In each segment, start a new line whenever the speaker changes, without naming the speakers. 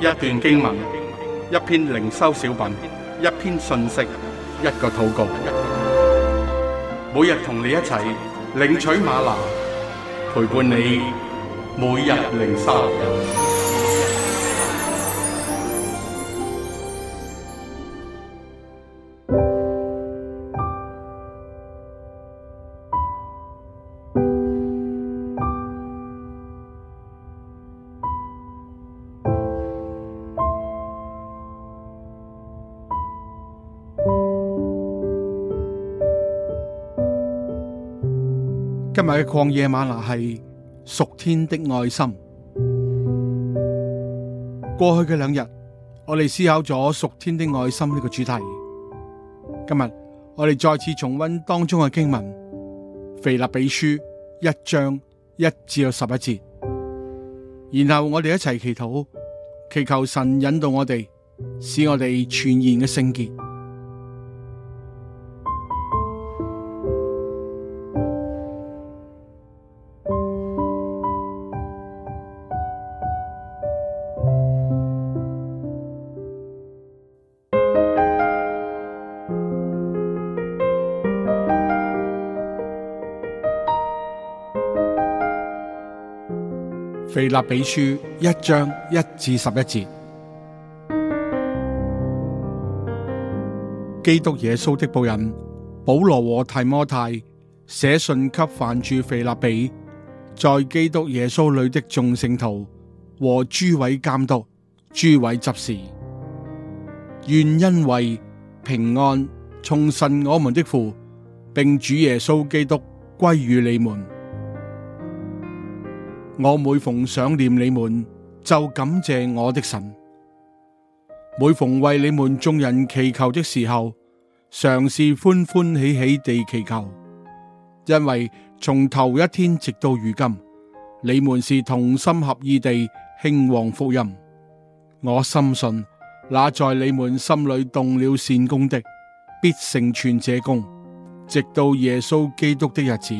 一段經文，一篇靈修小品，一篇信息，一個禱告。每日同你一齊領取嗎哪，陪伴你每日靈修。今日嘅曠野嗎哪，係屬天的愛心。過去嘅兩日，我哋思考咗屬天的愛心呢、這個主題。今日我哋再次重溫當中嘅經文《腓立比書》一章一至到十一節，然後我哋一齊祈禱，祈求神引導我哋，使我哋全然嘅聖潔。肥立比書一章一至十一節，基督耶穌的僕人保羅和提摩太寫信給凡住肥立比，在基督耶穌裏的眾聖徒和諸位監督、諸位執事，願因為平安，重信我們的父，並主耶穌基督歸於你們。我每逢想念你們，就感謝我的神。每逢為你們眾人祈求的時候，常是歡歡喜喜地祈求，因為從頭一天直到如今，你們是同心合意地興旺福音。我深信那在你們心裏動了善功的，必成全這功，直到耶穌基督的日子。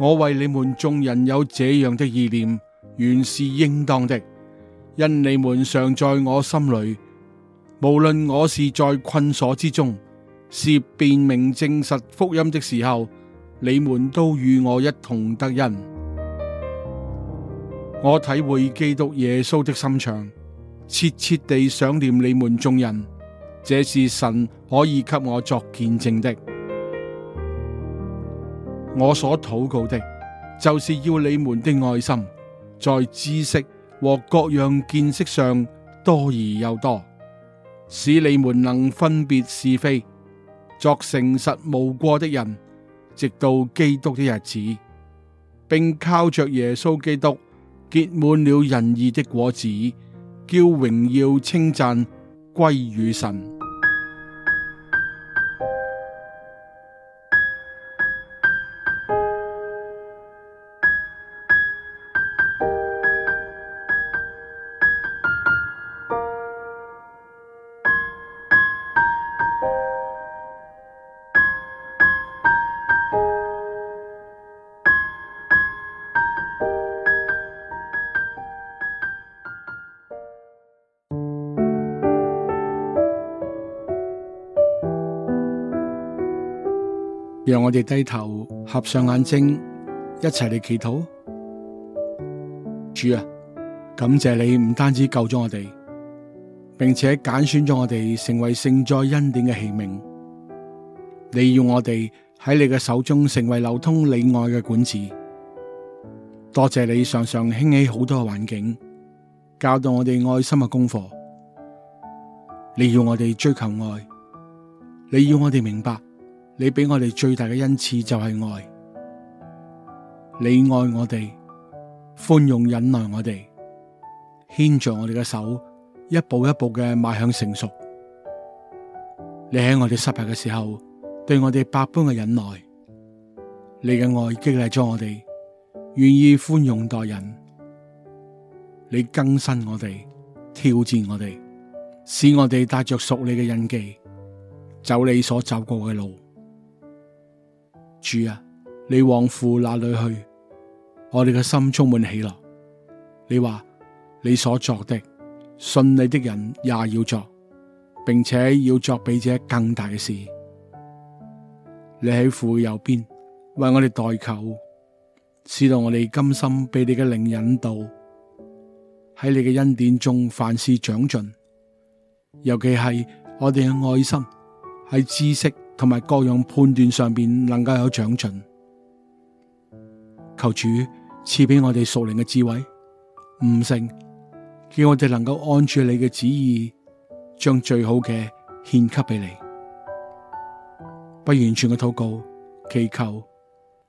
我為你們眾人有這樣的意念，原是應當的，因你們常在我心裏，無論我是在捆鎖之中，是辯明證實福音的時候，你們都與我一同得恩。我體會基督耶穌的心腸，切切地想念你們眾人，這是神可以給我作見證的。我所禱告的，就是要你們的愛心在知識和各樣見識上多而又多，使你們能分別是非，作誠實無過的人，直到基督的日子，並靠着耶穌基督結滿了仁義的果子，叫榮耀稱讚歸於神。讓我哋低頭、合上眼睛，一齊嚟祈禱。主啊，感謝你唔單止救咗我哋，並且揀選咗我哋成為盛載恩典嘅器皿。你要我哋喺你嘅手中成為流通你愛嘅管子。多謝你常常興起好多嘅環境，教導我哋愛心嘅功課。你要我哋追求愛，你要我哋明白。你俾我哋最大嘅恩賜就係愛，你愛我哋，寬容忍耐我哋，牽著我哋嘅手，一步一步嘅邁向成熟。你喺我哋失敗嘅時候，對我哋百般嘅忍耐，你嘅愛激勵咗我哋，願意寬容待人。你更新我哋，挑戰我哋，使我哋帶着屬你嘅印記，走你所走過嘅路。主啊，你往父那裏去，我哋嘅心充滿喜樂。你話你所作的，信你的人也要作，並且要作比這更大嘅事。你喺父右邊，為我哋代求，使到我哋甘心畀你嘅靈引導。喺你嘅恩典中，凡事長進，尤其係我哋嘅愛心，係知識，同埋各樣判斷上面能夠有長進，求主賜俾我哋屬靈嘅智慧，悟性，叫我哋能夠按住你嘅旨意，將最好嘅獻給俾你。不完全嘅禱告、祈求，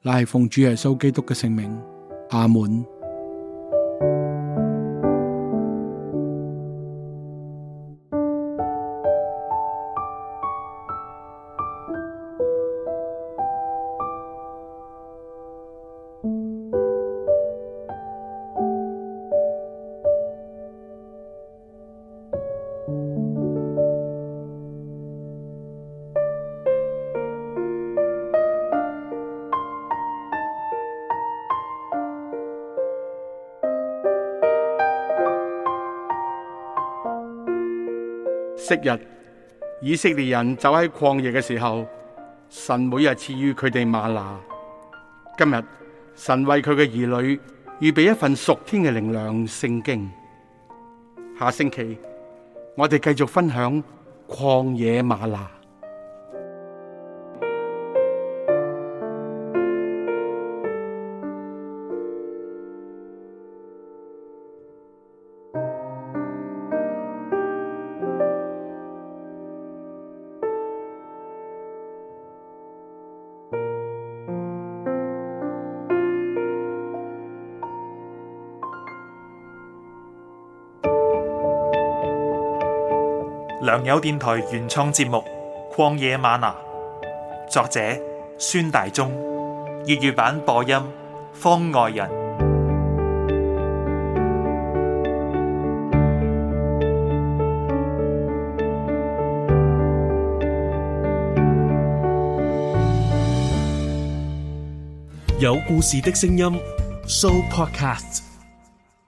乃係奉主耶穌基督嘅聖名，阿門。昔日以色列人走喺曠野嘅時候，神每日賜予佢哋嗎哪。今日神為佢嘅兒女預備一份屬天嘅靈糧聖經。下星期我哋繼續分享曠野嗎哪。良友電台原創節目《曠野嗎哪》，作者孫大中，粵語版播音方外人，有故事的聲音，Show Podcast。